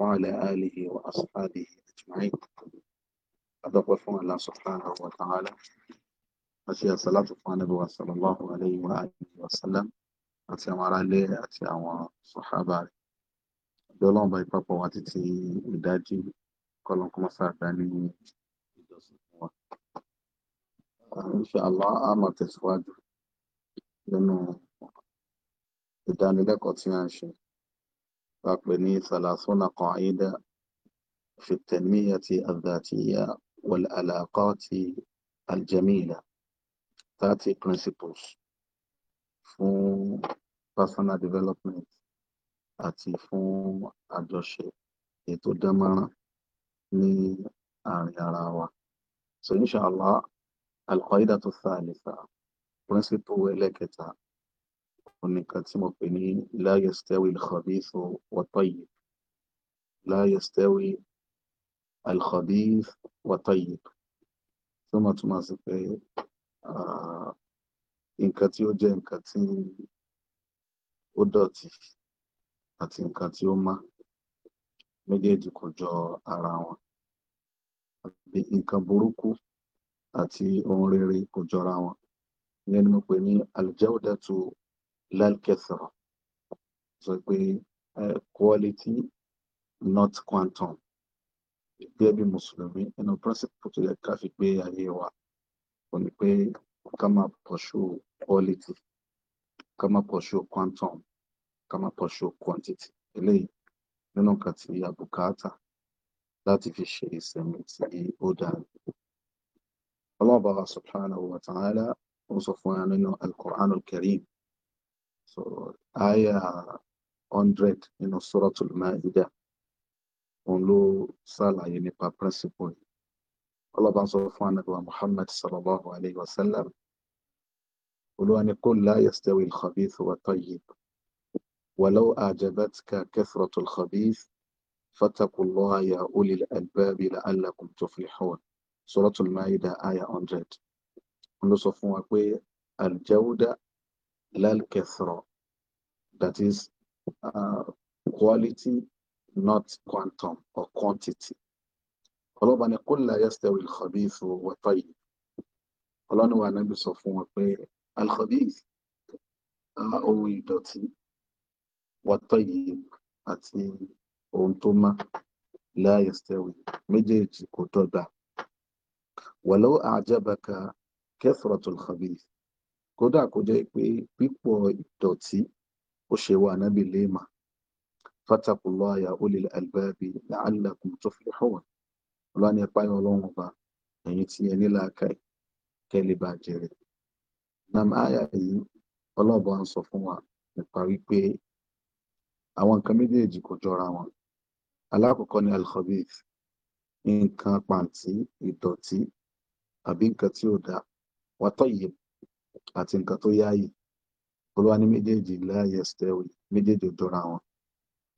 وعلى آله وأصحابه أجمعين أدق فون الله سبحانه وتعالى أشياء صلاة النبي صلى الله عليه وآله وسلم أتي أمر لي أتي أمر صحابة دولون باي بابا واتتي إداجي كلهم كما سأداني إن شاء الله أما تسواجه لأنه ìdánilẹ́kọ̀ọ́ tí a ń تقبني ثلاثون قاعدة في التنمية الذاتية والعلاقات الجميلة 30 principles for personal development àti fún àjọṣe ètò dámọ̀ràn ní àárín ara wa. So inshallah, al-qaidatu thalitha, principle ẹlẹ́kẹta ونكاد سموكيني لا يستوي الخبيث والطيب لا يستوي الخبيث والطيب ثم تماسك nǹkan tí ó jẹ́ nǹkan tí ó dọ̀tí àti nǹkan tí ó má méjèèjì kò jọ ara wọn àbí nǹkan burúkú àti ohun rere kò jọra wọn ìyẹn ni mo pè ní aljawdatu لا الكثرة sọ pé quality not quantum gẹ́gẹ́ bí mùsùlùmí ẹnu principle tó yẹ ká fi gbé ayé wa kò ní pé ká máa pọ̀ṣù quality ká máa pọ̀ṣù quantum ká máa pọ̀ṣù quantity eléyìí nínú nǹkan tí a bùkátà láti fi ṣe ìsinmi tí ó dára. Allah subhanahu wa ta'ala ó sọ fún wa nínú al-Qur'an so ayah 100 nínú suratul Maida òun ló ṣàlàyé nípa principle yìí ọlọ́ba sọ fún anabi wa Muhammad sallallahu alayhi wa sallam olúwa ni qul la yastawi al-khabith wa tayyib walau a'jabatka kathratu al-khabith fattaqu allaha ya uli al-albab la'allakum tuflihun suratul Maida ayah hundred òun ló sọ fún wa pé al-jawda lal kathra. That is uh, quality, not quantum or quantity. Ọlọ́bàá ni kó la yastawi al-khabith wa tayyib. Ọlọ́ni wa nábì sọ fún wọn pé al-khabith uh, ohun ìdọ̀tí wa tayyib àti ohun tó má la yastawi méjèèjì kò dọ́gba. Walau a'jabaka kathratul khabith kódà kó jẹ́ pé pípọ̀ ìdọ̀tí ó ṣe wa ànábì léèmà fatakullah ya ulil albabi la'allakum tuflihun ọlá ní ẹpá yọ ọlọ́run ọba ẹ̀yin tí ẹ nílà káì kẹ́lẹ̀ bá jẹrẹ nam aya yìí ọlọ́ọ̀bọ ń sọ fún wa nípa wípé àwọn nǹkan méjèèjì kò jọra wọn alákọ̀ọ́kọ́ ni alkhabith nǹkan pàǹtí ìdọ̀tí àbí nǹkan tí ó dáa wàtọ́ yìí àti nǹkan tó yáàyè olúwa ní méjèèjì láàyè stẹ́wì méjèèjì dúnra wọn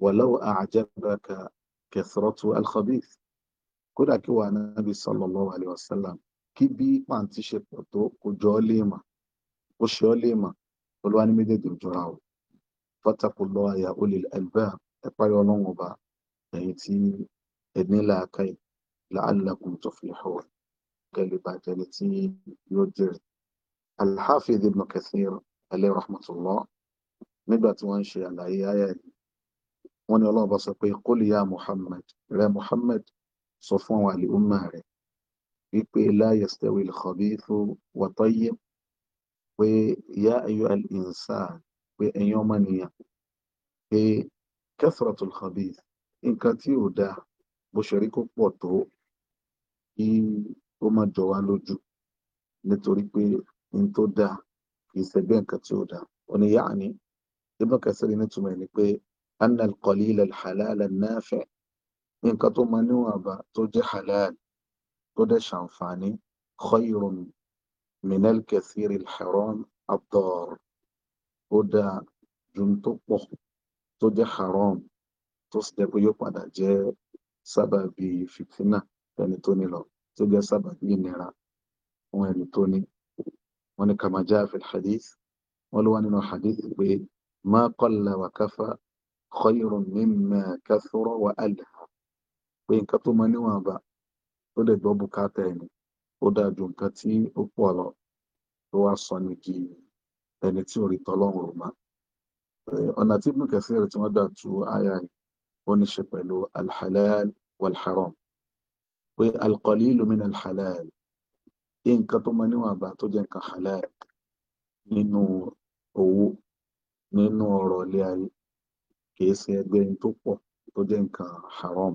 wàlọ́wọ́ àjẹbẹ́ka kẹsìrọ́tù alkhabith kódà kí wà nábì sallallahu alaihi wasallam kí bí pàǹtí ṣe pọ̀ tó kò jọ ọ́ léèmọ̀ ó ṣe ọ́ léèmọ̀ olúwa ní méjèèjì dúnra o fọ́tàkù lọ àyà olè ẹgbẹ́ ẹ parí ọlọ́run ọba ẹ̀yìn tí ẹ̀ní làákàyè la'allakum tuflihun kẹlẹ́ bàjẹ́ ni tí yóò jẹ́rìí alhafiz ibn kathir alayhi rahmatullah nígbà tí wọ́n ń ṣe àlàyé ayé yìí wọ́n ní ọlọ́run bá sọ pé qul ya muhammad rẹ muhammad sọ fún àwọn àlìhùnmá rẹ wípé la yastawil khabithu wa tayyib pé ya ayyuhal insan pé ẹ̀yin ọmọnìyàn pé kathratul khabith nǹkan tí ò dáa bó ṣe rí kó pọ̀ tó kí ó má jọ wá lójú nítorí pé ní tó dáa kì í ṣẹgbẹ́ nǹkan tí ó dáa ó ní yáàní ibùn kẹsìrì nítumọ̀ ẹ̀ ni pé anna al-qalil al-halal an-nafi' nǹkan tó máa níwọ̀nba tó jẹ́ halal tó dẹ̀ ṣàǹfààní khayrun min al-kathir al-haram ad-dar ó dáa ju tó pọ̀ tó jẹ́ haram tó sì jẹ́ pé yóò padà jẹ́ sábàbí fìtínà ẹni tó ní lọ tó jẹ́ sábàbí ìnira fún ẹni tó ní wọ́n ní kama jaa fi hadith wọ́n ló wà nínú hadith pé ma qalla wa kafa khayrun mimma kathura wa alha pé nǹkan tó máa níwọ̀nba tó dẹ̀ gbọ́ bùkátà ẹni ó dáa ju nǹkan tí ó pọ̀ lọ tó wá sọ ní di ẹni tí ò rí tọ́lọ́run rò má. Eh, ọ̀nà tí Ibn Kathir tí wọ́n dà tu àyà yìí ó ní ṣe pẹ̀lú alhalal walharam pé alqalilu min alhalal nǹkan tó mọ níwọ̀n àgbà tó jẹ́ nǹkan halal nínú owó nínú ọ̀rọ̀ ilé ayé kìí ṣe ẹgbẹ́ tó pọ̀ tó jẹ́ nǹkan haram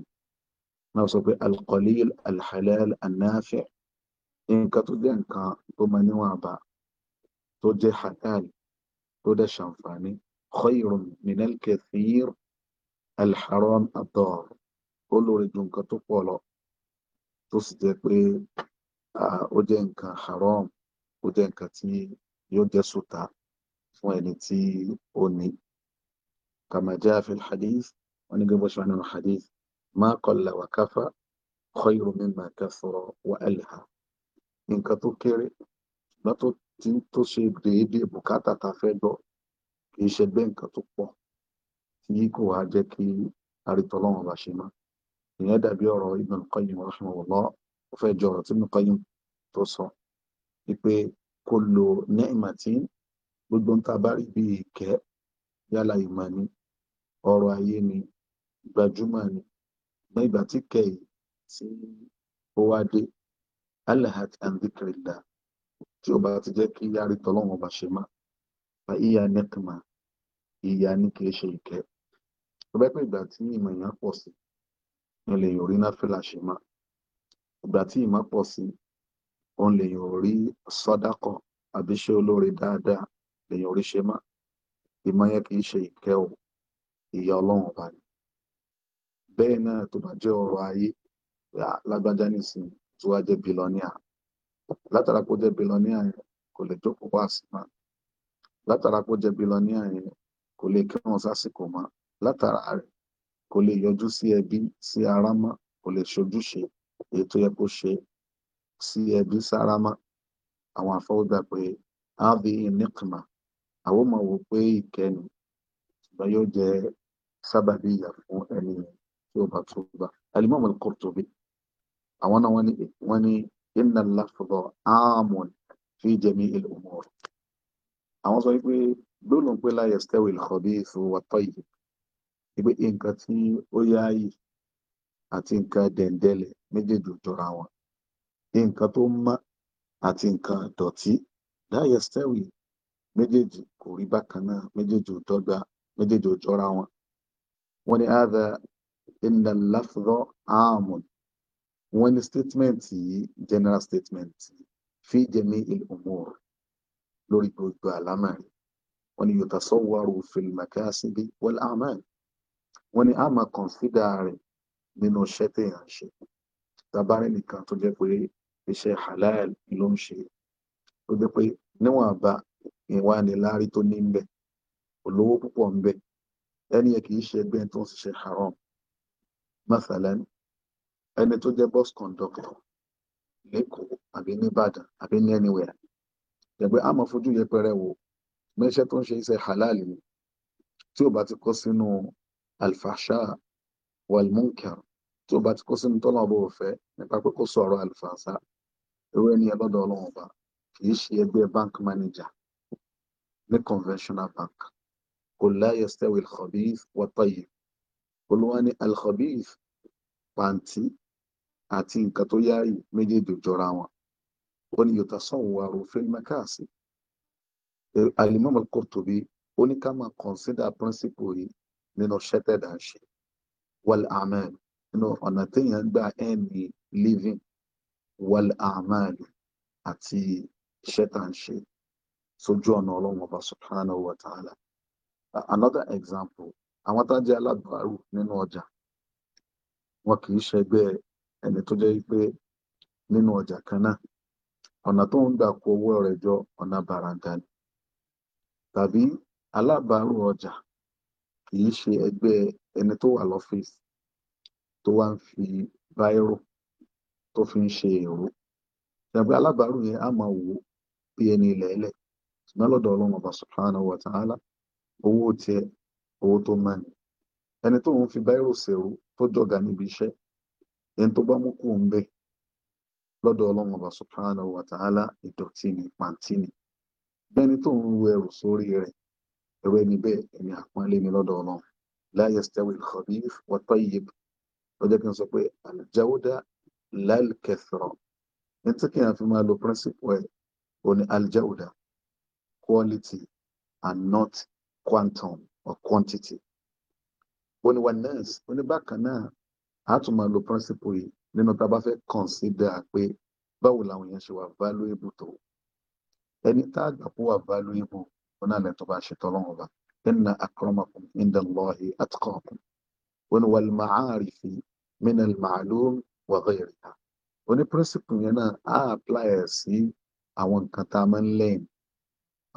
náà sọ pé alqalil alhalal annafi nǹkan tó jẹ́ nǹkan tó mọ níwọ̀n àbá tó jẹ́ halal tó dẹ̀ ṣàǹfààní khayrun min alkathir alharam adar ó lórí ju nǹkan tó pọ̀ lọ tó sì jẹ́ pé ó jẹ́ nǹkan haram ó jẹ́ nǹkan tí yóò jẹ́ sùtà fún ẹni tí ó ní kama jaa fi al-hadith wọ́n ní gẹ́gẹ́ bó ṣe wà nínú hadith ma qalla wa kafa khayru mimma kathura wa alha nǹkan tó kéré ṣùgbọ́n tó ti tó ṣe déédéé bùkátà tá a fẹ́ gbọ́ kì ṣe bẹ́ẹ̀ nǹkan tó pọ̀ tí kò wá jẹ́ kí arítọ́lọ́wọ́n bá ṣe mọ́ ìyẹn dàbí ọ̀rọ̀ Ibn Qayyim rahimahullah ó fẹ́ jọ ọ̀rọ̀ tí mo kọ́ yín tó sọ wípé kó lo nẹ́ẹ̀mà tí gbogbo ń ta bá rí bí ìkẹ́ yálà ìmọ̀ ni ọrọ̀ ayé ni gbajúmọ̀ ni ní ìgbà tí kẹ́yì tí ó wá dé alahat andikirila tí ó bá ti jẹ́ kí yára tọ́lọ́wọ́n ọba ṣe má fa ìyá nẹ́kìmà ìyá ní kì í ṣe ìkẹ́ tó pé ìgbà tí ìmọ̀ èèyàn pọ̀ sí ni lè yọrí náà fìlà ṣe máa ìgbà tí ìmọ̀ pọ̀ sí òun lèyàn ò rí sọ́dákọ̀ àbí ṣé olóore dáadáa lèyàn ò rí ṣe mọ́ ìmọ̀ yẹn kì í ṣe ìkẹ́ o ìyá ọlọ́run ọba ni bẹ́ẹ̀ náà tó bá jẹ́ ọrọ̀ ayé lágbájá nìsín tó wá jẹ́ bílọ́níà látara kó jẹ́ bílọ́níà yẹn kò lè jókòó wá sí mọ́ látara kó jẹ́ bílọ́níà yẹn kò lè kírun sásìkò mọ́ látara rẹ̀ kò lè yọjú sí ẹbí sí ará mọ́ kò lè ṣojúṣe èyí tó yẹ kó ṣe sí ẹbí sáramá àwọn àfọwọ́gbà pé ábí nìkìmà àwọn ọmọ wò pé ìkẹni ṣùgbọ́n yóò jẹ sábàbí ìyà fún ẹni tí ó bá tó gbà alimọ́mù Qurtubi àwọn náà wọ́n ní inna lafdha amun fi jami'il umur àwọn sọ wípé gbólóhùn pé la yastawi al-khabithu wat-tayyib ìpé nǹkan tí ó yááyì àti nǹkan dẹ̀ndẹ̀lẹ̀ méjèèjì ò jọra wọn nǹkan tó mọ́ àti nǹkan dọ̀tí láyé stẹ́wì méjèèjì kò rí bákan náà méjèèjì ò dọ́gba méjèèjì ò wọn wọ́n ní àdá iná láfúrọ́ ààmùn wọ́n ní statement yìí general statement yìí fi jẹ́mi ìlúmọ́ọ̀rù lórí gbogbo àlámàrí wọ́n ní yóò tasọ́wọ́rù fìlìmọ̀kásíbí wọ́n ní àmà kọ̀ǹsídà rẹ̀ nínú iṣẹ́ ṣe tabarí nìkan tó jẹ́ pé iṣẹ́ halal ló ń ṣe tó jẹ́ pé níwọ̀n àbá ìwà níláárí tó ní ń bẹ olówó púpọ̀ ń bẹ ẹni yẹn kì í ṣe ẹgbẹ́ tó ń ṣiṣẹ́ haram masalan ẹni tó jẹ́ bus conductor lẹ́kọ̀ọ́ àbí nìbàdàn àbí ní anywhere ẹgbẹ́ àmọ́ fojú yẹpẹrẹ wò mẹ́ṣẹ́ tó ń ṣe iṣẹ́ halal ni tí ò bá ti kó sínú alfasha walmunkar tí o bá ti kó sínú tọ́lọ́ ọba òfẹ́ nípa pé kó sọ ọ̀rọ̀ àlùfànṣá irú ẹni ẹlọ́dọ̀ ọlọ́run ọba kì í ṣe ẹgbẹ́ bank manager ní conventional bank kò láyé stewil khabith wọ́tọ́yì olúwa ní alkhabith pàǹtí àti nǹkan tó yáàyè méjèèjì jọra wọn ó ní yòtá sọ̀wọ́ àrò fílmẹ́kàsì Al-Imam Al-Qurtubi consider principle yìí nínú ṣẹ́tẹ̀dà ṣe wal amen nínú ọ̀nà téèyàn gbà ẹ̀mí living wal àmàlù àti iṣẹ́ tá soju sójú ọ̀nà ọlọ́run ọba subhanahu wa ta'ala another example àwọn tá alábàárù nínú ọjà wọn kì í ṣẹgbẹ́ ẹni tó jẹ́ pé nínú ọjà kan náà ọ̀nà tó ń gbà kó owó rẹ̀ tó wá ń fi báírò tó fi ń ṣe èrò ṣàgbé alábàárù yẹn á máa wò bí ẹni ilẹ̀ ẹlẹ̀ ṣùgbọ́n lọ́dọ̀ ọlọ́run ọba subhanahu wa ta'ala owó tiẹ̀ owó tó máa ní ẹni tó ń fi báírò ṣèrò tó jọ̀gà níbi iṣẹ́ ẹni tó bá mú kù ń bẹ̀ lọ́dọ̀ ọlọ́run ọba subhanahu wa ta'ala ìdọ̀tí ni pàǹtí ni bẹ́ni tó ń ru ẹrù sórí rẹ̀ ẹ̀rọ ẹni bẹ́ẹ̀ ẹni àpọ́nlé ni lọ́dọ̀ ọlọ́run la yastawi al-khabith wa tayyib ọjọ́ kan sọ pé aljawda lálkẹsọ̀rọ̀ ní tí kìí fi máa lo principle ẹ̀ o ní aljawda quality and not quantum or quantity ó ní oneness ó ní bákan náà a tún máa lo principle yìí nínú tá a bá fẹ́ consider pé báwo làwọn èèyàn ṣe wà valuable tó ẹni tá a gbà pé wà valuable ó náà lẹ́tọ́ bá ṣe tọ́lọ́wọ́n bá inna akramakum indallahi atqakum wọn ni wàlùmọ̀ àárífì minal ma'lum wa ghayriha oní píríncípù yẹn náà á apply ẹ̀ sí àwọn nǹkan tá a máa ń lẹ́yìn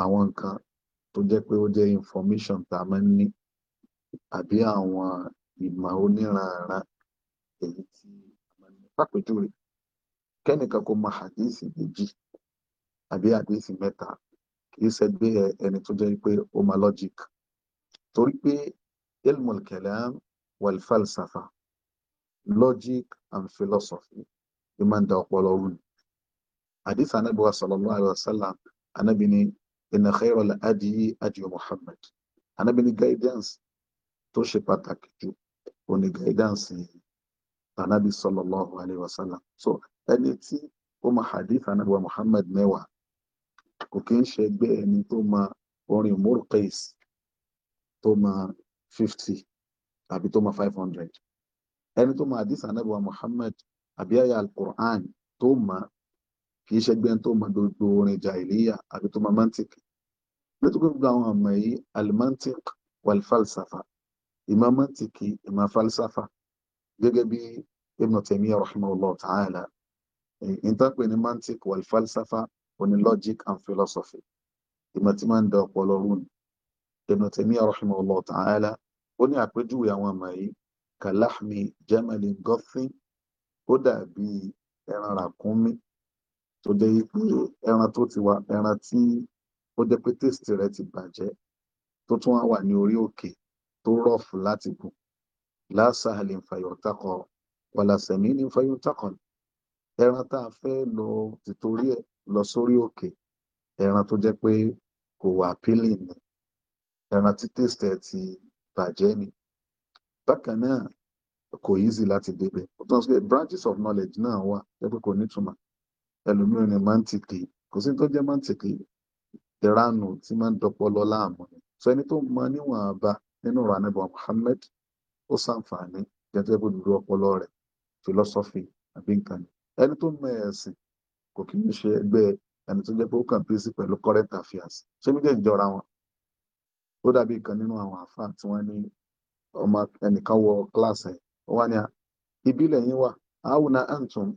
àwọn nǹkan tó jẹ́ pé ó jẹ́ information tá a máa ń ní àbí àwọn ìmọ̀ oníranran èyí tí a máa ń ní pàpéjúwe kẹ́nìkan kò mọ àdéhìsì méjì àbí àdéhìsì mẹ́ta kì í ṣẹgbẹ́ ẹni tó jẹ́ pé ó mọ logic torí pé ilmul kalam wal-falsafa logic and philosophy ló máa ń da ọpọlọ rú ni àdìsá anábì wa sallallahu alayhi wa sallam anábì ni inna khayra al-adyi Muhammad anábì ni guidance tó ṣe pàtàkì jù ó guidance yìí anábì sallallahu alayhi wa so ẹni tí ó ma hadith anábì wa Muhammad mẹ́wàá kò kí ń ṣe ẹgbẹ́ ẹni tó ma orin murqais tó ma fifty tàbí tó mọ five hundred ẹni tó mọ àdìsá anábìwá Muhammad àbí àyà alukur'an tó mọ kì í ṣẹgbẹ́ tó mọ gbogbo orin jahiliya àbí tó mọ mantik nítorí gbogbo àwọn àmọ̀ yìí alimantik wàlfalsafa ìmọ̀ mantiki ìmọ̀ falsafa gẹ́gẹ́ bí Ibn Taymiyyah rahimahullah ta'ala ìtàpè ní mantik wàlfalsafa oní logic and philosophy ìmọ̀ tí máa ń da ọpọlọ rú Ibn Taymiyyah rahimahullah ta'ala ó ní àpéjúwe àwọn ọmọ yìí kalahmi jamali gothin ó dàbí ẹran ràkúnmí tó jẹ́ pé ẹran tó ti wà ẹran tí ó jẹ́ pé tèsítì rẹ̀ ti bàjẹ́ tó tún wà ní orí òkè tó rọ̀fù láti gùn lásàálì fàyọ̀tàkọ̀ wàlàsẹ̀mí ní fàyọ̀tàkọ̀ ẹran tá a fẹ́ lọ tìtorí ẹ̀ lọ sórí òkè ẹran tó jẹ́ pé kò wà pílìn ni ẹran tí tèsítì ẹ̀ ti bàjẹ́ ni bákan náà kò easy láti débẹ̀ ó tún sọ pé branches of knowledge náà wà lẹ́pẹ́ kò nítumọ̀ ẹlòmíràn ni mantiki kò sí tó jẹ́ mantiki ìranù tí máa ń dọpọlọ láàmú ni sọ ẹni tó mọ níwọ̀n àbá nínú ọ̀rọ̀ anábọ̀ Muhammad ó sàǹfààní jẹ́jẹ́ bó dúró ọpọlọ rẹ̀ philosophy àbí nǹkan ni ẹni tó mọ ẹ̀sìn kò kí ń ṣe ẹgbẹ́ ẹni tó jẹ́ pé ó kàn bí sí pẹ̀lú current affairs ṣé méjèèjì jọra wọn ó dàbí kan nínú àwọn àfa tí wọ́n ní ọmọ ẹnìkan wọ kíláàsì ẹ̀ wọ́n ní ìbílẹ̀ yín wà àwùnà antum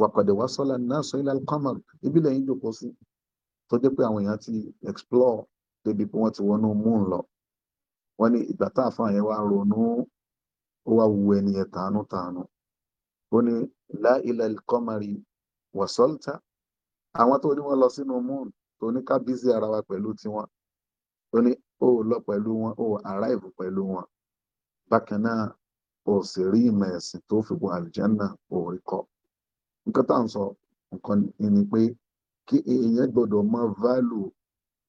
wàkọ̀dẹ̀ wá sọ́lá náà sọ ilẹ̀ alqamar ìbílẹ̀ yín jòkó sí tó pé àwọn ti explore débi pé wọ́n ti wọnú moon lọ wọ́n ní ìgbà tá àfa yẹn wá ronú ó wá wu ẹni yẹn ó ní lá ilẹ̀ àwọn tó ní lọ sínú moon tó ní ká bízí ara wa pẹ̀lú tiwọn ó o lọ pẹ̀lú wọn o arrive pẹ̀lú wọn bákan náà o sì rí ìmọ̀ ẹ̀sìn tó fi gun àlùjànnà o rí kọ́ nǹkan tá à ń sọ nǹkan ni pé kí èèyàn gbọ́dọ̀ mọ value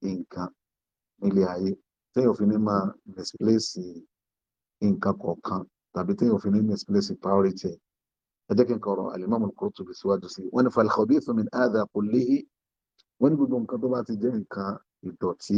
nǹkan nílé ayé téèyàn fi ní máa misplace nǹkan kọ̀ọ̀kan tàbí téèyàn fi ní misplace priority ẹ jẹ́ kí n kọ̀rọ̀ alimami Qurtubi síwájú sí wọ́n ní falkhabithu min adha kullihi wọ́n ní gbogbo nǹkan tó bá ti jẹ́ nǹkan ìdọ̀tí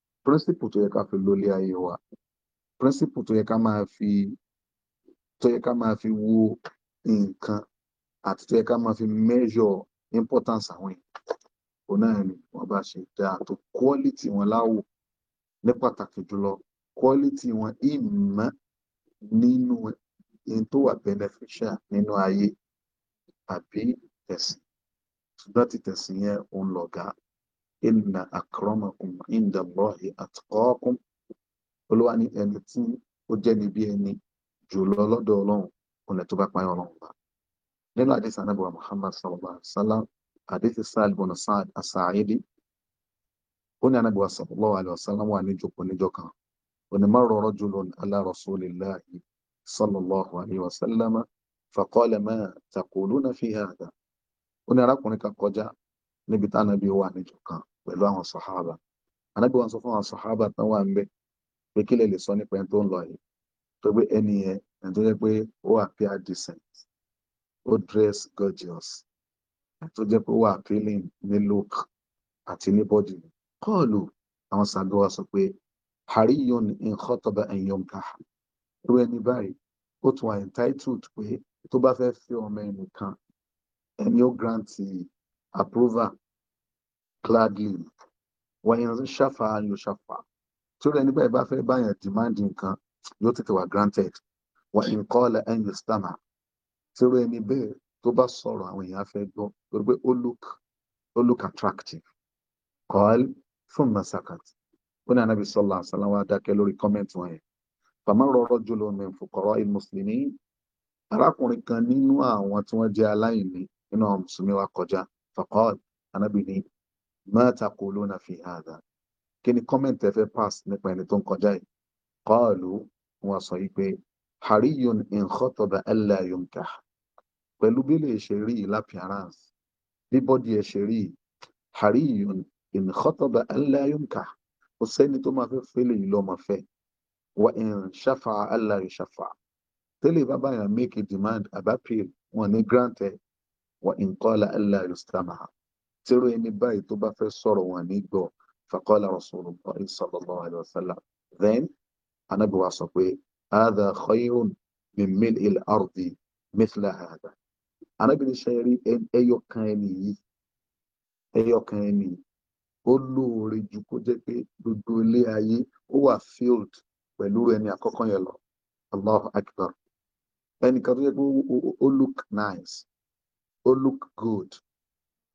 Principle tó yẹ ká fi lólé ayé wa píríncípù tó yẹ ká máa fi tó yẹ ká máa fi wo nǹkan àti tó yẹ ká máa fi measure importance àwọn èèyàn òun náà ni wọn bá ṣe dáa tó quality wọn láwò ní pàtàkì jùlọ quality wọn ìmọ̀ nínú in tó wà beneficial nínú ayé àbí tẹ̀sìn ṣùgbọ́n ti tẹ̀sìn yẹn òun lọ̀gá inna akramakum inda Allahi atqakum olúwa ní ẹni tí ó jẹ́ ní bí ẹni jùlọ lọ́dọ̀ ọlọ́run ọ̀nà tó bá pa ọlọ́run bá nínú àdìsí anábọ̀ Muhammad sallallahu alaihi wasallam àdìsí Sa'ad bin Sa'ad as ó ní anábọ̀ sallallahu alaihi wasallam wà ní ìjókòó níjọ kan onímọ̀rọ̀ rajulun ala rasulillahi sallallahu alaihi wasallam faqala ma taquluna fi hadha ó ní arákùnrin kan kọjá níbi tánàbí wà níjọ kan pẹ̀lú àwọn sàhábà anábì wọn sọ fún àwọn sàhábà tán wà ń bẹ pé kílẹ̀ lè sọ nípa ẹni tó ń lọ yìí tó pé ẹni yẹn ẹni tó jẹ́ pé ó appear decent ó dress gorgeous ẹni tó jẹ́ pé ó appealing ní look àti ní body kọ́ọ̀lù àwọn sàbí wa sọ pé hariyun in khotaba an yunkaha irú ẹni báyìí ó tún wà entitled pé tó bá fẹ́ fi ọmọ ẹnì kan ẹni ó grant approval gladly wọ́n yẹn ṣàfà yóò ṣàfà tí ó rẹ̀ nígbà yìí bá fẹ́ báyàn dìmáàdì nǹkan yóò tètè wà granted wọ́n yẹn kọ́ ọ́lẹ̀ ẹ̀yìn yóò tí ó rẹ̀ ní bẹ́ẹ̀ tó bá sọ̀rọ̀ àwọn èèyàn fẹ́ gbọ́ torí pé ó look ó look attractive kọ́ọ́lì fún masakat ó ní anabi sọlá àsálàwà dákẹ́ lórí kọ́mẹ́ǹtì wọn yẹn fàmà rọrọ jùlọ ní fòkọrọ ìmùsùlùmí arákùnrin kan nínú àwọn tí wọ́n jẹ́ aláìní nínú àwọn mùsùlùmí wa kọjá fàkọọlì anábì ní ما تقولون في هذا kí ni kọ́mẹ̀ntì ẹ fẹ́ pass nípa ẹni tó ń kọjá yìí qalu wọ́n sọ yìí pé hariyun in khataba alla yunkah pẹ̀lú bí lè ṣe rí yìí lápìáránс bí bọ́dì ẹ ṣe rí yìí hariyun in khataba alla yunkah kò sẹ́ni tó máa fẹ́ fẹ́lẹ̀ yìí lọ́mọ fẹ́ wa in shafa alla yushafa tẹ́lẹ̀ bàbá yẹn make a demand abapil wọn ní grant ẹ wa in qala alla yustamaha tírú ẹni báyìí tó bá fẹ́ sọ̀rọ̀ wọn ní gbọ́ faqala rasulullah sallallahu alayhi wa sallam then anabi wa sọ pé hadha khayrun min mil'il ardi mithla hadha anabi ní sẹ́yẹrí ẹyọ kan ẹni yìí ẹyọ kan ẹni yìí ó lóore ju kó jẹ́ pé gbogbo ilé ayé ó wà filled pẹ̀lú ẹni àkọ́kọ́ yẹn lọ Allahu akbar ẹnìkan tó yẹ pé ó look nice ó look good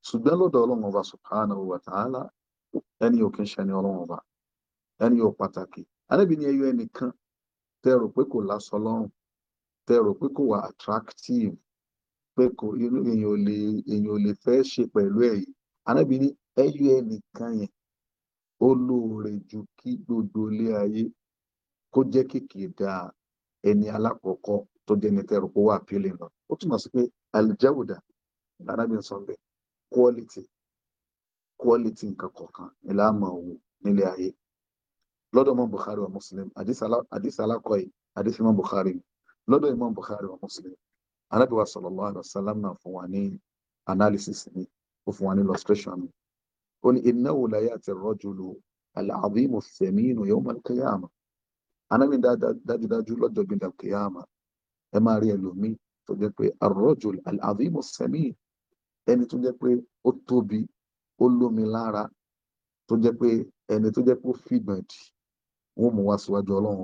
ṣùgbọ́n lọ́dọ̀ ọlọ́run ọba subhanahu wa ta'ala ẹni ò kí ń ṣẹni ọlọ́run ọba ẹni ò pàtàkì anábì ní ẹyọ ẹnìkan tẹ rò pé kò lásọ lọ́rùn tẹ rò pé kò wà attractive pé kò èèyàn ò lè èèyàn ò lè fẹ́ ṣe pẹ̀lú ẹ̀ yìí anábì ní ẹyọ ẹnìkan yẹn ó lóore ju kí gbogbo ilé ayé kó jẹ́ kékeré dáa ẹni alákọ̀ọ́kọ́ tó jẹ́ ní tẹ́rù kó wà appealing lọ ó túmọ̀ sí pé aljawda arábìnrin sọ bẹ́ẹ̀ quality quality nǹkan kọ̀ọ̀kan ìlànà òwò nílé ayé lọ́dọ̀ mọ́ Bukhari wa Muslim àdìsí alákọ̀ọ́ yìí àdìsí mọ́ Bukhari lọ́dọ̀ Imam Bukhari wa Muslim Ànábì wa sallallahu alaihi wa sallam náà fún wa ní analysis ni ó fún wa ní illustration ni ó ní innahu la ya'ti ar-rajulu al-'azimu ath-thaminu yawm al-qiyamah Ànábì dájúdájú lọ́jọ́ gbẹ̀dẹ̀ kìyàmà ẹ máa rí ẹlòmíì tó jẹ́ pé ar-rajul al-'azimu ath ẹni tó jẹ́ pé ó tóbi ó lómi lára tó jẹ́ pé ẹni tó jẹ́ pé ó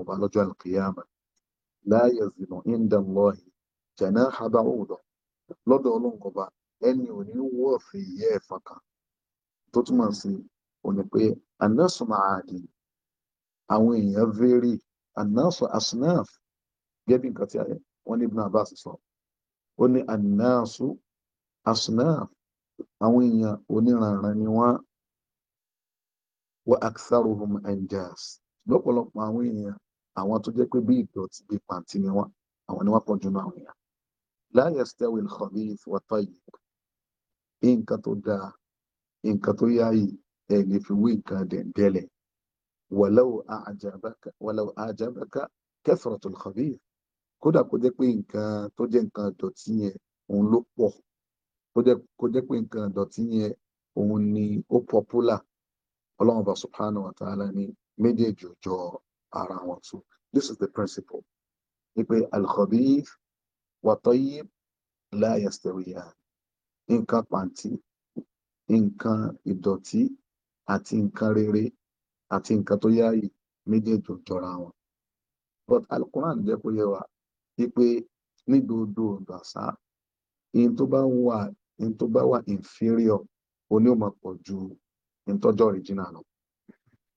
ọba lọ́jọ́ àlùkìyàmà láàyè zìnà ìndàlọ́ọ̀hìn jẹ̀nà àbá òòdọ̀ lọ́dọ̀ ọlọ́run ọba ẹni ò ní wọ́ọ̀fin ìyẹ́ ẹ̀fọn kan tó sí òní pé anásùn àwọn èèyàn anásùn nǹkan tí ní àsùnà àwọn èèyàn oníranran ni wọ́n wa aktharuhum anjas lọ́pọ̀lọpọ̀ àwọn èèyàn àwọn tó jẹ́ pé bí ìdọ̀tí bí pàǹtí ni wọ́n àwọn ni wọ́n pọ̀ jùlọ àwọn èèyàn la yastawi al-khabith wa tayyib nǹkan tó dáa nǹkan tó yáàyè ẹ̀ lè fi wí nǹkan dẹ̀ndẹ́lẹ̀ walau a'jabaka walau a'jabaka kódà kó jẹ́ pé nǹkan tó jẹ́ nǹkan dọ̀tí yẹn òun ló pọ̀ kó jẹ́ pé nǹkan ìdọ̀tí yẹn òun ni ó popular ọlọ́run bá subhanahu wa ta'ala ní méjèèjì òjò ara wọn tó this is the principle ní pé al-khabith wa la yastawiyan nǹkan pàǹtí nǹkan ìdọ̀tí àti nǹkan rere àti nǹkan tó yáàyè méjèèjì òjọra wọn but al-Qur'an jẹ́ kó yé wa wípé ní gbogbo ìgbà sáà ìyẹn tó bá wà ní tó bá wà inferior oní ò máa pọ̀ ju ní tọ́jọ́ original lọ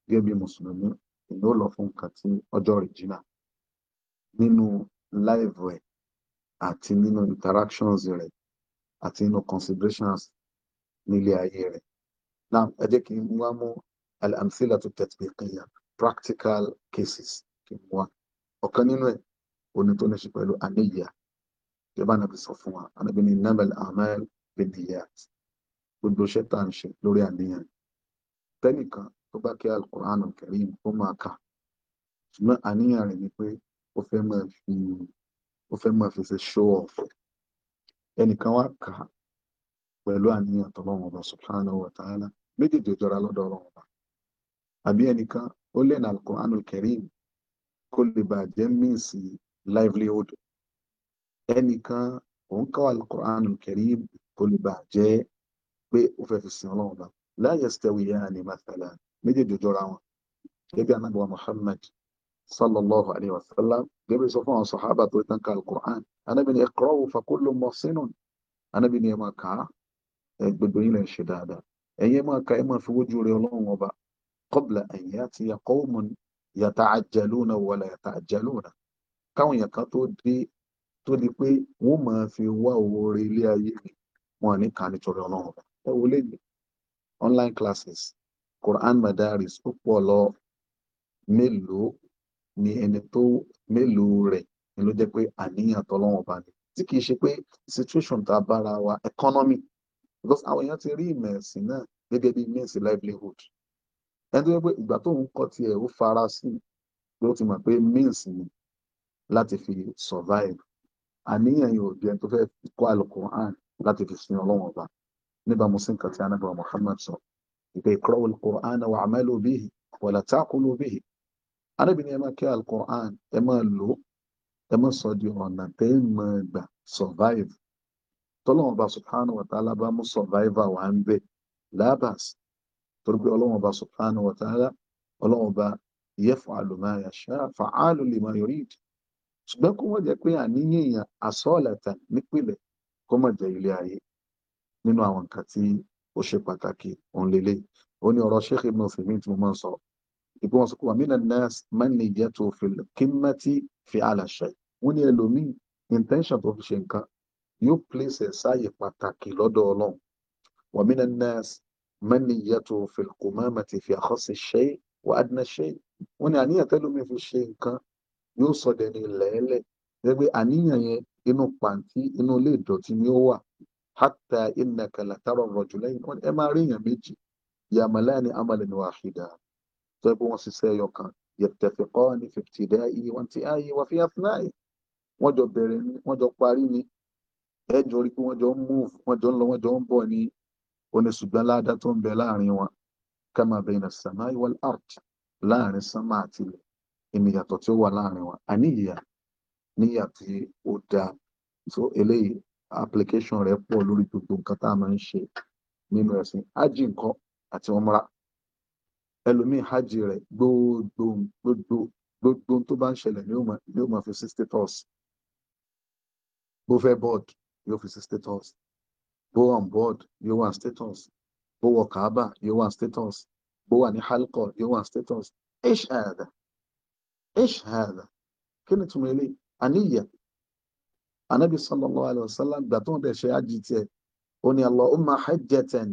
gẹ́gẹ́ bí mùsùlùmí ìlú lọ fún nǹkan tí ọjọ́ original nínú live we, ati nínú interactions rẹ̀ ati nínú considerations nílé ayé rẹ̀ náà ẹ jẹ́ kí n wá mú al-amthila tó tatbiqiyya practical cases kí n wá ọ̀kan nínú ẹ̀ oní tó ní ṣe pẹ̀lú àníyà yẹ bá sọ fún wa ànábì ní innamal a'mal bídíyàt gbogbo iṣẹ́ tá à ń ṣe lórí àníyàn tẹ́nìkan tó bá kí alukur'an karim ó máa kà ṣùgbọ́n àníyàn rẹ̀ ni pé ó fẹ́ máa fi ó fẹ́ máa fi ṣe show off ẹnìkan wá kà á pẹ̀lú àníyàn tọ́lọ́wọ́n ọba subhanahu wa ta'ala méjèèjì jọra lọ́dọ̀ ọlọ́wọ́n ọba àbí ẹnìkan ó lè nà alukur'an karim kó lè bàjẹ́ míìsì livelihood ẹnìkan òun kọ́ alukur'an karim kó lè bà jẹ́ pé ó fẹ́ fi sin ọlọ́run bá la yastawiyani mathalan méjèèjì ojú ra wọn gẹ́gẹ́ bí anábọ̀ Muhammad sallallahu alayhi wa sallam gẹ́gẹ́ sọ fún àwọn sọ̀hábà tó tán ka alukur'an anábì ni iqra'u fa kullu muhsinun anábì ni ẹ máa kà á gbogbo yín lè ṣe dáadáa ẹ̀yin máa ka ẹ máa fi wójú rẹ ọlọ́run ọba qabla an ya'tiya qawmun yata'ajjaluna wala yata'ajjaluna káwọn èèyàn tó dé tó di pé wọ́n máa fi wá oore ilé ayé mi wọn ní kan nítorí ọlọ́run ọba ẹ wo léyìí online classes Quran madaris ó pọ̀ lọ mélòó ni ẹni tó mélòó rẹ̀ ni ló jẹ́ pé àníyàn tọ́lọ́run ọba ni tí kìí ṣe pé situation tá bára wa economy because àwọn èèyàn ti rí ìmọ̀ ẹ̀sìn náà gẹ́gẹ́ bí means livelihood ẹni tó yẹ pé ìgbà tó ń kọ́ tiẹ̀ ó fara sí pé ó ti mọ̀ pé means ni láti fi survive àníyàn yóò di ẹni tó fẹ́ kọ́ àlùkò hàn láti fi sin ọlọ́run ọba níbàámu sí nǹkan tí anábọ̀ Muhammad sọ ìpè ìkọ́rọ̀ al-Qur'an wa amalu bihi wa la ta'kulu bihi arábìnrin ẹ máa kí al-Qur'an ẹ máa lò ẹ máa sọ di ọ̀nà tẹ́ ẹ máa gbà survive tọ́lọ́run ọba subhanahu wa ta'ala bá mú survivor wà ń bẹ̀ lábàs torí pé ọlọ́run ọba subhanahu wa ta'ala ọlọ́run ọba yaf'alu ma yasha fa'alu lima yurid ṣùgbọ́n kó wọ́n jẹ́ pé àníyàn èèyàn nípìnlẹ̀ kó mọ̀ jẹ́ ilé ayé nínú àwọn nǹkan tí ó ṣe pàtàkì òun lélẹ̀ ó ní ọ̀rọ̀ Sheikh Ibn Uthaymeen tí mo máa ń sọ ìbí wọn sọ pé wa mina an-nas man niyyatu fil qimmati fi'ala shay' wọ́n ní ẹlòmíì intention tó fi ṣe nǹkan yóò place ẹ̀ sáàyè pàtàkì lọ́dọ̀ ọlọ́run wa mina an-nas man niyyatu fil qumamati fi akhassi shay' wa adna shay' wọ́n ní àníyàn tẹ́lómi fi ṣe nǹkan yóò sọ inú pàǹtí inú ilé ìdọ̀tí ni ó wà hatta innaka latara rajulayn wọn ẹ máa rí èèyàn méjì yamalani amalan wahida tó ẹ bí wọ́n ṣiṣẹ́ ẹyọ kan yattafiqani fi ibtida'i wa intiha'i wa fi athna'i wọ́n jọ bẹ̀rẹ̀ ni wọ́n jọ parí ni ẹ jọ rí pé wọ́n jọ ń move wọ́n jọ ń lọ wọ́n jọ ń bọ̀ ni oní ṣùgbọ́n ládá tó ń bẹ láàrin wọn kama bayna as-sama'i wal láàrin sánmà àtìlẹ̀ ìmìyàtọ̀ tí ó wà láàrin wọn àníyàn níyà tí ó dáa so eléyìí application rẹ̀ pọ̀ lórí gbogbo nǹkan tá a máa ń ṣe nínú ẹ̀sìn hajj nǹkan àti umra ẹlòmíì hajj rẹ̀ gbogbo gbogbo gbogbo tó bá ń ṣẹlẹ̀ ni ó máa fi sí status bó fẹ́ board yóò fi sí status bó wà board yóò wà status bó wọ kaaba yóò wà status bó wà ní halqa yóò wà status ish hada ish hada kí ni túmọ̀ eléyìí àníyà anabi sallallahu alayhi wa sallam gbà tó ń bẹ̀ ṣe ájì tiẹ̀ ó ní allahumma hajjatan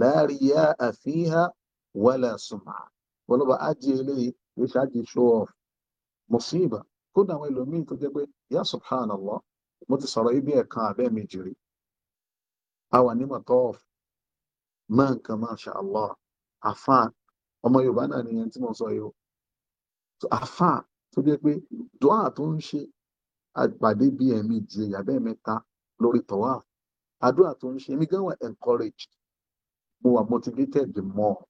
la riya'a fiha wala sum'a wọn lọ́ba ájì eléyìí yóò ṣe ájì show off musiba kódà àwọn ẹlòmíín tó jẹ́ pé ya subhanallah mo ti sọ̀rọ̀ ibi ẹ̀kan abẹ́ mi jìrì àwa ní matọ́ọ̀f máa nǹkan masha Allah àfáà ọmọ yorùbá náà nìyẹn tí mo sọ yìí àfáà tó jẹ́ pé dùá tó ń ṣe àpàdé bíi ẹ̀mí di ẹ̀yà bẹ́ẹ̀ mẹ́ta lórí tọ́wà àdúrà tó ń ṣe èmi gan wà encouraged mo wà motivated more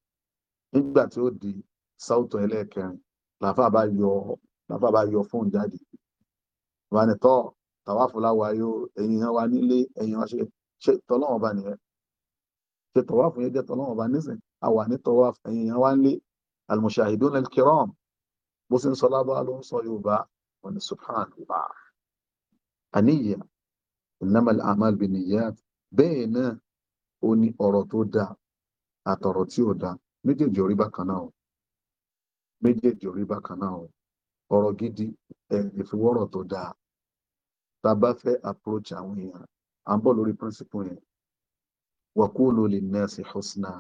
nígbà tí ó di sáwùtọ̀ ẹlẹ́ẹ̀kẹrin làfà bá yọ làfà bá yọ fóun jáde ìbánitọ́ tàwáfúláwá yóò ẹ̀yìn wa nílé ẹ̀yìn wa ṣe ṣe tọ́lọ́wọ́n ba nìyẹn ṣe tọ́wáfù yẹn jẹ́ tọ́lọ́wọ́n ba nísìn àwa ní tọ́wáfù ẹ̀yìn wa nílé al-mushahidun al bó ṣe ń sọ lábá ló ń sọ yorùbá wọn ni subhanallah àníyàn innamal amal bin niyyat bẹ́ẹ̀ náà ó ní ọ̀rọ̀ tó dáa àtọ̀rọ̀ tí ò dáa méjèèjì orí bákan náà o méjèèjì orí bákan náà o ọ̀rọ̀ gidi ẹ̀ ìfiwọ́rọ̀ tó dáa tá a bá fẹ́ approach àwọn èèyàn à ń bọ̀ lórí principle yẹn waqulu linnasi husna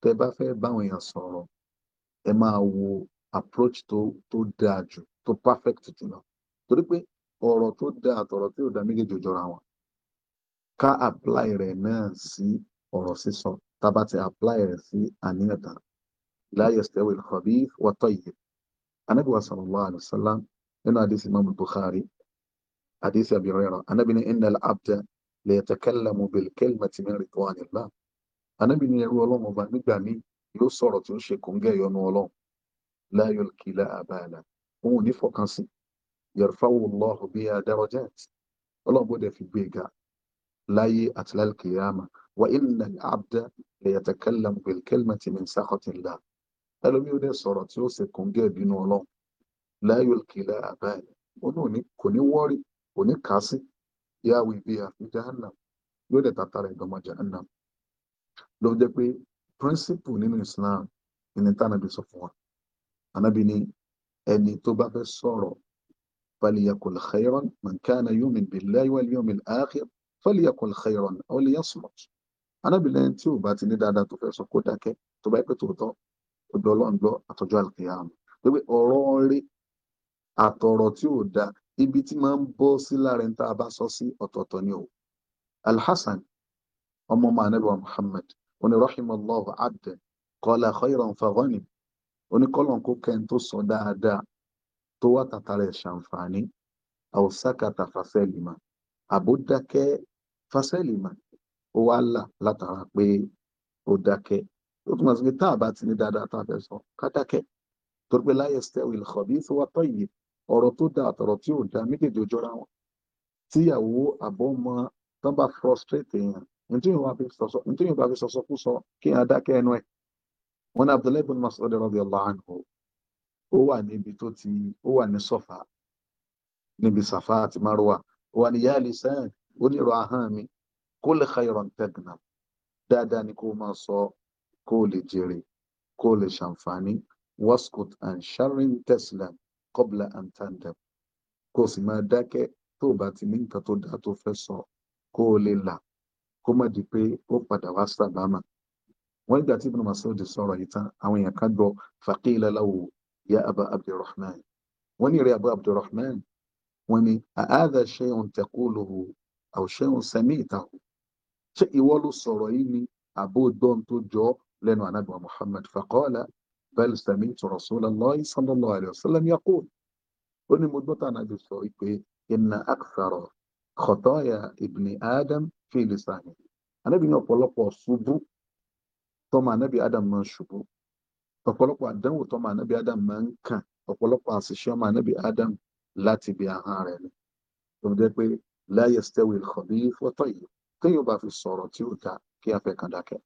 tẹ́ bá fẹ́ báwọn èèyàn sọ̀rọ̀ ẹ máa wo approach tó tó dáa jù tó perfect jù lọ torí pé ọ̀rọ̀ tó dáa àtọ̀rọ̀ tí ò dáa méjèèjì jọra wọn ká apply rẹ̀ náà sí ọ̀rọ̀ sísọ tábà ti apply rẹ̀ sí àníyàn tán la yastawi al-khabith wa tayyib anabi wa sallallahu alayhi wa sallam nínú àdìsí imam bukhari àdìsí abi huraira anabi ní innal abda la yatakallamu bil kalimati min ridwanillah anabi ní ẹrú ọlọ́run nígbà míì yóò sọ̀rọ̀ tí ó ṣe kòńgẹ́ ìyọnu ọlọ́run láyọ̀ kìlá àbáàlà òun ò ní fọkàn sí yẹrùfáwò lọ́hùn bí adáwọ̀jẹ́ ọlọ́run gbọ́dọ̀ fi gbé ga láyé àti lálùkìyàmà wà ìnà àbdá lèyàtàkàlàm bìlkẹ́lmà ti ní sákọ̀tìlá ẹlòmíì ó dẹ̀ sọ̀rọ̀ tí ó sì kún gẹ́ bínú ọlọ́run láyọ̀ kìlá àbáàlà òun kò ní wọ́rí kò ní kà á sí yàwó ibi àfi jahannam yóò dẹ̀ tàtàrà ìdánmọ̀ jahannam ló jẹ́ pé píríncípù nínú Islam ìnìtànàbí sọ fún wa anábì ní ẹni tó bá fẹ́ sọ̀rọ̀ فليقل خيرا من كان يؤمن بالله واليوم الآخر فليقل خيرا أو ليصمت anábì lẹ́yìn tí ò bá ti ní dáadáa tó fẹ́ sọ kó dákẹ́ tó bá yẹ pé tòótọ́ ó dọ́ ọlọ́run gbọ́ àtọ́jú pé ọ̀rọ̀ rí àtọ̀rọ̀ tí ò da ibi tí máa ń bọ́ sí láàrin tá a bá sọ sí ọ̀tọ̀ọ̀tọ̀ ni o alhassan ọmọ ọmọ anabi wa muhammad oní abdul qala khayran faghani oníkọ́lọ́n kó kẹ́ni tó sọ dáadáa tó wà tàtà rẹ̀ ṣàǹfààní àwòsàkàtà fàṣẹ́lìmọ̀ àbódákẹ́ fàṣẹ́lìmọ̀ ó wá là látara pé ó dákẹ́ ó túmọ̀ sí pé tá a bá ti ní dáadáa tá a fẹ́ sọ ká dákẹ́ torí pé láyé stẹ́wì ìlọ̀bí tó wá tọ́ yìí ọ̀rọ̀ tó dáa àtọ̀rọ̀ tí ò dáa méjèèjì ó jọra wọn tíyàwó àbọ̀mọ tán bá frustrate èèyàn nítorí wọn bá fi sọ̀sọ̀ kú sọ kí èèyàn dákẹ́ ẹnu ẹ̀ wọn ní Abdullahi ibn Mas'ud radiyallahu anhu ó wà níbi tó ti ó wà ní sọfà níbi sàfà àti márùwà ó wà ní ya lisan ó ní ìrọ̀ ahọ́n mi qul khayran taghnam dáadáa ni kó máa sọ kó lè jèrè kó lè ṣàǹfààní wascot and sharon teslam kọbla and tandem kó sì máa dákẹ́ tó o bá ti ní nǹkan tó dáa tó fẹ́ sọ kó o lè là kó má di pé ó padà wá sábàámà wọ́n nígbà tí Ibn Mas'ud sọ̀rọ̀ yìí tán àwọn èèyàn kan gbọ́ faqila lahu ya aba abdulrahman wọ́n ní rẹ̀ abu abdulrahman wọ́n ní àádà shay'un taquluhu aw shay'un sami'tahu ṣé ìwọ ló sọ̀rọ̀ yìí ni àbó gbọ́n tó jọ lẹ́nu anábìwá muhammad faqala bal sami'tu rasulallahi sallallahu alayhi wa sallam yaqul ó ní mo gbọ́ tá ànábì sọ pé inna akthara khataya ibni adam fi lisanihi anábì tọ́mọ ànábì adam máa ń ṣubú ọ̀pọ̀lọpọ̀ àdánwò tọ́mọ ànábì adam máa ń kàn ọ̀pọ̀lọpọ̀ àṣìṣe ọmọ ànábì adam láti ibi ahọ́n rẹ̀ ni tó ń jẹ́ pé la yastawi al-khabith wat-tayyib téèyàn bá fi sọ̀rọ̀ tí ó ta kí a fẹ́ kàn dákẹ́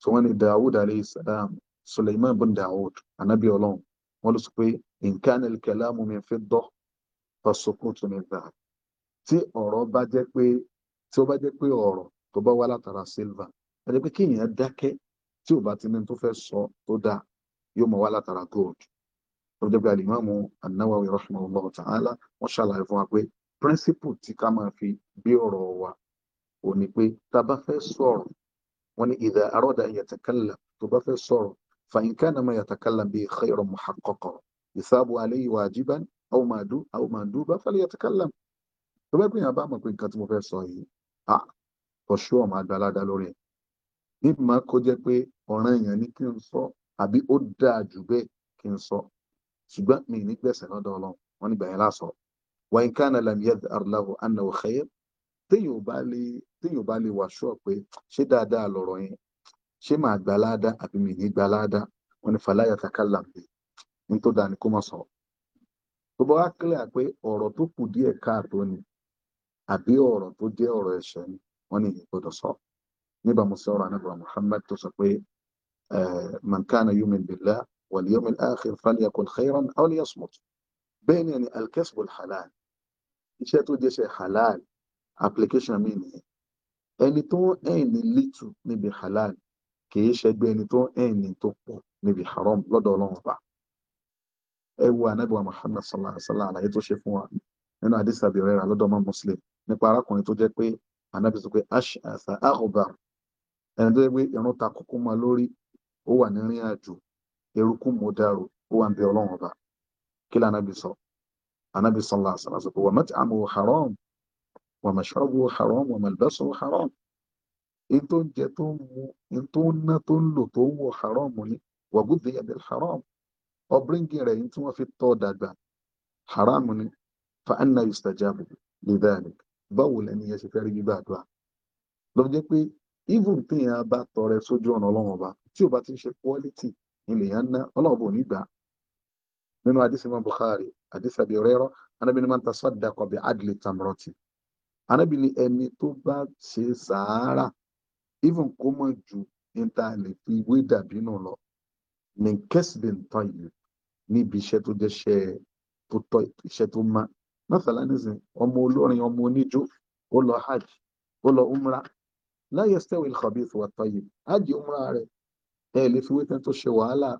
tí wọ́n ní dawud alayhi salam suleiman bin dawud ànábì ọlọ́run wọ́n ló sọ pé in kana al-kalamu min fiddah fasukutu min dhahab tí ọ̀rọ̀ bá jẹ́ pé tí ó bá jẹ́ pé ọ̀rọ̀ tó bá wá látara silver ẹ jẹ́ pé kí èèyàn dákẹ́ tí ò bá ti ní tó fẹ́ sọ tó dáa yóò mọ̀ wá látara gold tó jẹ́ pé alimami anáwáwí rahimahullah ta'ala wọ́n ṣàlàyé fún wa pé principle tí ká máa fi bí ọ̀rọ̀ wa ò ní pé tá a bá fẹ́ sọ̀rọ̀ wọ́n ní idha arada an yatakallam tó bá fẹ́ sọ̀rọ̀ fa in kana ma yatakallam bi khayran muhaqqaqan yusabu alayhi wajiban aw manduban falyatakallam tó bá gbìyànjú bá mọ̀ pé nǹkan tí mo fẹ́ sọ yìí ah for sure máa gbalada lórí ẹ̀ ìmọ̀ kó jẹ́ pé ọ̀ràn èèyàn ni kí n sọ àbí ó dáa jù bẹ́ẹ̀ kí n sọ ṣùgbọ́n mi ní gbẹ̀sẹ̀ lọ́dọ̀ ọlọ́run wọn nígbà yẹn láṣọ wa in kana lam yadhhar lahu annahu khair téèyàn téèyàn ò bá lè wà ṣọ́ pé ṣé dáadáa lọ̀rọ̀ yẹn ṣé màá gbà láàdá àbí mi ní gbà láàdá wọn ni fala yatakallam bi ní tó dáa ni kó má sọ tó bá wá kílẹ̀ pé ọ̀rọ̀ tó kù díẹ̀ káàtó ni àbí ọ̀rọ̀ tó jẹ́ ọ̀rọ̀ ẹ̀ṣẹ̀ ni wọ́n ní ìyẹn sọ níbà mo sọ̀rọ̀ anábà Muhammad tó sọ pé eh, man kana yumin billah wal yawmil akhir falyakul khayran aw liyasmut bẹ́ẹ̀ ni alkesbul halal iṣẹ́ tó jẹ́ṣẹ́ halal application mi nìyẹn ẹni tó ń ẹ̀yìn ní lítù níbi halal kì í ṣẹgbẹ́ ẹni tó ń ẹ̀yìn ní tó pọ̀ níbi haram lọ́dọ̀ ọlọ́run ọba ẹ wo anábì wa muhammad sallallahu alaihi wa sallam àlàyé tó ṣe fún wa nínú àdìsá bìrẹ́ra lọ́dọ̀ ọmọ muslim nípa arákùnrin tó jẹ́ pé anábì sọ pé ash asa ahubar ẹni tó yẹ pé ìrun ta kókó máa lórí ó wà ní rìn àjò eruku mú dàrú ó wà ń bẹ ọlọ́run ọba kí lè anábì sọ anábì sọ làásà làásà pé wà mẹ́ta àmọ́ haram wà mashrabu haram wà malbasu haram èyí tó ń jẹ tó ń mu èyí tó ń ná tó ń lò tó ń wọ haram ni wà gúdì ẹ̀bẹ̀ haram ọ̀bíríngì rẹ̀ yìí tí wọ́n fi tọ́ dàgbà haram ni fa anna yustajabu lidhalik báwo lẹ́ni yẹn ṣe fẹ́ rí gbígbà àdúrà lọ́jọ́ pé even téèyàn bá tọrẹ sójú ọ̀nà ọlọ́run ọba tí ò bá ti ń ṣe quality ilẹ̀yàn ná ọlọ́run ọba ò ní gbà nínú hadith imam bukhari hadith abi rẹ́rọ́ anábìíní máa ń ta sọ́dàkọ̀ bí adìlẹ̀ tamrọ́tì anábìíní ẹni tó bá ṣe sàárà even kó mọ̀ ju níta lè fi ìwé dàbí nù lọ ní kẹ́sìdẹ̀ ntọ́ yìí níbi iṣẹ́ tó jẹ́ iṣẹ́ tó má mẹ́fẹ̀lá ọmọ olórin ọmọ oníjó ó lọ hajj ó lọ umrah la yastawi al-khabith wat-tayyib ájì umra rẹ̀ ẹ̀ lè fi wétan tó ṣe wàhálà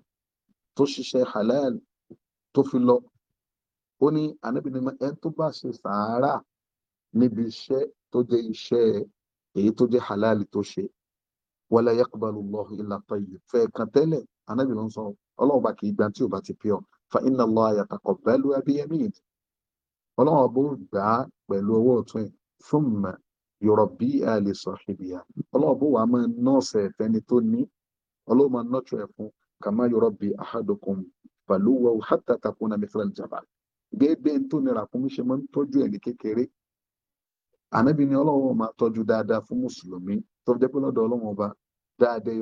tó ṣiṣẹ́ halal tó fi lọ ó ní anábìnrin ẹ tó bá ṣe sàárà níbi iṣẹ́ tó jẹ́ iṣẹ́ èyí tó jẹ́ halal tó ṣe wala yaqbalu Allahu illa tayyib fẹ́ kan tẹ́lẹ̀ anábìnrin sọ ọlọ́run bá kì í gbà tí ò bá ti pure fa inna Allaha yataqabbalu bi yamin ọlọ́run ọbọ̀ gbà á pẹ̀lú ọwọ́ ọ̀tún ẹ̀ fún mọ̀ yọ̀rọ̀ bí a lè sọ ṣìbìyà ọlọ́ọ̀bù wa máa nọ́ọ̀sì ẹ̀fẹ́ ni tó ní ọlọ́ọ̀mọ nọ́ọ̀tù ẹ̀fún kàmá yọ̀rọ̀ bí ahadukum pẹ̀lú wọ hàtà takuna mithra al-jabal gbẹ́gbẹ́ tó nira fún mi ṣe máa ń tọ́jú ẹ̀ ní kékeré ànábì ni ọlọ́wọ́ máa tọ́jú dáadáa fún mùsùlùmí tó jẹ́ pé lọ́dọ̀ ọlọ́wọ́n ọba dáadáa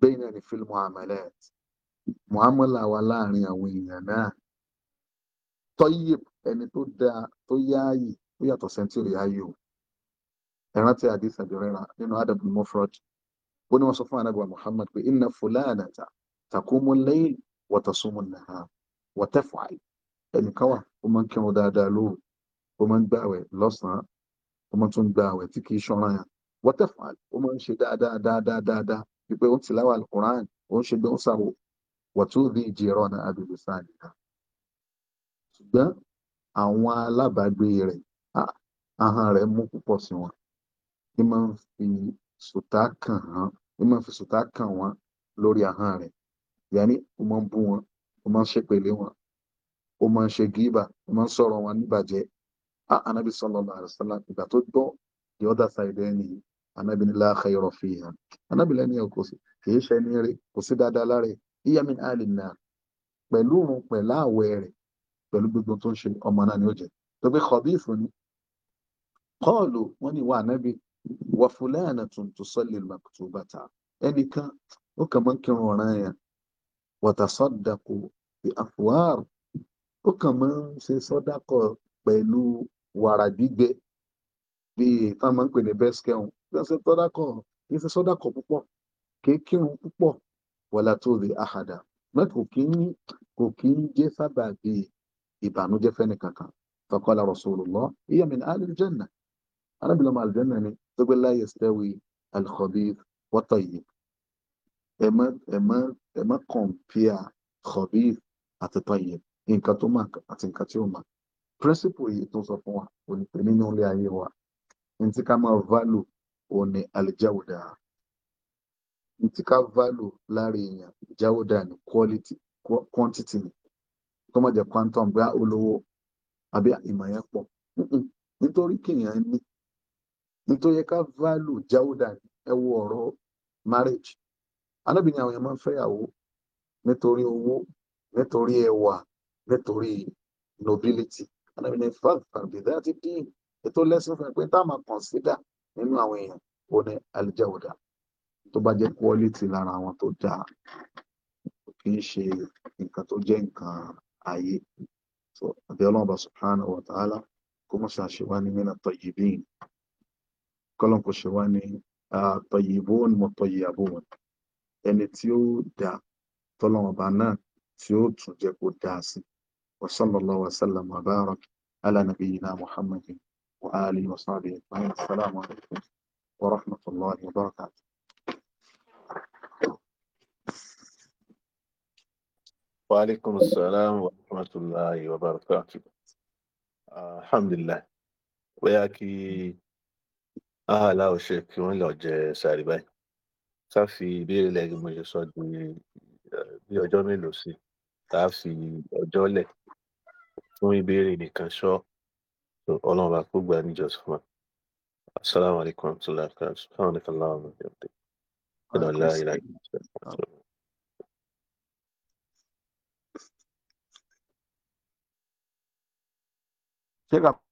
bẹ́ẹ̀ náà ni fílmù muamalat muamala wa láàrin àwọn èèyàn náà tọ́yìb ẹni tó dáa tó yáàyè ó yàtọ̀ sẹ́ńtúrì ayò ẹ̀rán tí àdìs àdìrẹ́ra nínú adabul mufrad ó ní wọ́n sọ fún anábìwá muhammad pé inna fulana ta takumu layl wa tasumu nahar wa taf'al ẹnìkan wà ó máa ń kírun dáadáa lóru ó máa ń gbààwẹ̀ lọ́sàn-án ó máa tún gbààwẹ̀ tí kì í ṣọ́ra yàn wa taf'al ó máa ń ṣe dáadáa dáadáa dáadáa wípé ó ń tìláwà alukoran ó ń ṣe gbé ń sàwò wọ̀túùbí ìjìrọ̀ náà abìlùsàn nìkan ṣùgbọ́n àwọn alábàágbé rẹ̀ ahọ́n rẹ̀ mú púpọ̀ sí wọn ní máa ń fi sùtá kàn án ní máa ń fi sùtá kàn wọ́n lórí ahọ́n rẹ̀ yàní ó máa ń bú wọn ó máa ń ṣépèlé wọn ó máa ń ṣe gíbà ó máa ń sọ̀rọ̀ wọn níbàjẹ́ anabi sallallahu alaihi wasallam ìgbà tó gbọ́ the other side ẹni yìí anábì ní la khayra fiha anábì lẹ́ni ẹ̀ kò sí kìí ṣe ní rẹ̀ kò sí dáadáa lára ẹ̀ hiya min ahli an-nar pẹ̀lú òun pẹ̀lá àwẹ̀ rẹ̀ pẹ̀lú gbogbo tó ń ṣe ọmọ náà ni ó jẹ tó pé khabith ni qalu wọn ni wà anábì wa fulanatun tusalli al-maktubata ẹnìkan ó kàn máa ń kírun ọ̀ràn yẹn wa tasaddaqu bi afwar ó kàn máa ń ṣe sọ́dákọ̀ pẹ̀lú wàrà gbígbẹ bíi táwọn máa ń pè ní bẹ́sikẹ́hùn ṣe tọ́dá kan kì í ṣe sọ́dá kan púpọ̀ kì í kírun púpọ̀ wọlá tó rí àhàdà mẹ́kò kì í kò kì í jẹ́ sábà bí ìbànújẹ́ fẹ́ni kankan faqala rasulullah hiya min ahli aljanna arábìnrin ọmọ aljanna ni tó gbé la yastawi al-khabith wat-tayyib ẹ kọ̀ǹpìà khabith àti tayyib nǹkan tó máa àti nǹkan tí ó máa principle yìí tó sọ fún wa òní pé nínú ilé ayé wa ní ti ká máa value òun ni aljawda ntí ká value lára èèyàn jawda ni quality quantity ni tó má jẹ́ quantum bá olówó àbí ìmọ̀ yẹn pọ̀ nítorí kéèyàn ní nítorí ká value jawda ni ẹ wo ọ̀rọ̀ marriage anábìnrin àwọn èèyàn máa ń fẹ́yàwó nítorí owó nítorí ẹwà nítorí nobility nínú àwọn èèyàn ó ní alijawada tó bá jẹ́ quality lára àwọn tó dáa kì í ṣe nǹkan tó jẹ́ nǹkan ayé so àbí ọlọ́ọ̀bà subhanahu ta'ala kó mọ̀ ṣàṣe wá ní mina tayyibin kọ́lọ́n kò ṣe wá ní tayyibun mutayyabun ẹni tí ó dá tọ́lọ́mọba náà tí ó tún jẹ́ kó dáa sí wa sallallahu wa sallam wa barak ala nabiyyina muhammadin وآله وصحبه أجمعين السلام عليكم ورحمة الله وبركاته وعليكم السلام ورحمة الله وبركاته آه، الحمد لله وياكي أهلا وشيك وين لو جي ساري باي sáfi ìbéèrè لك mo ṣe sọ di bí ọjọ́ mélòó sí tá a fi so ọlọ́run bá kó gba níjọsìn fún wa asalaamu alaykum wa rahmatulahi wa barakatuh Allah, nìkan láwọn ọmọ ìjọba tẹ̀ ọ̀nà láàyè Check up.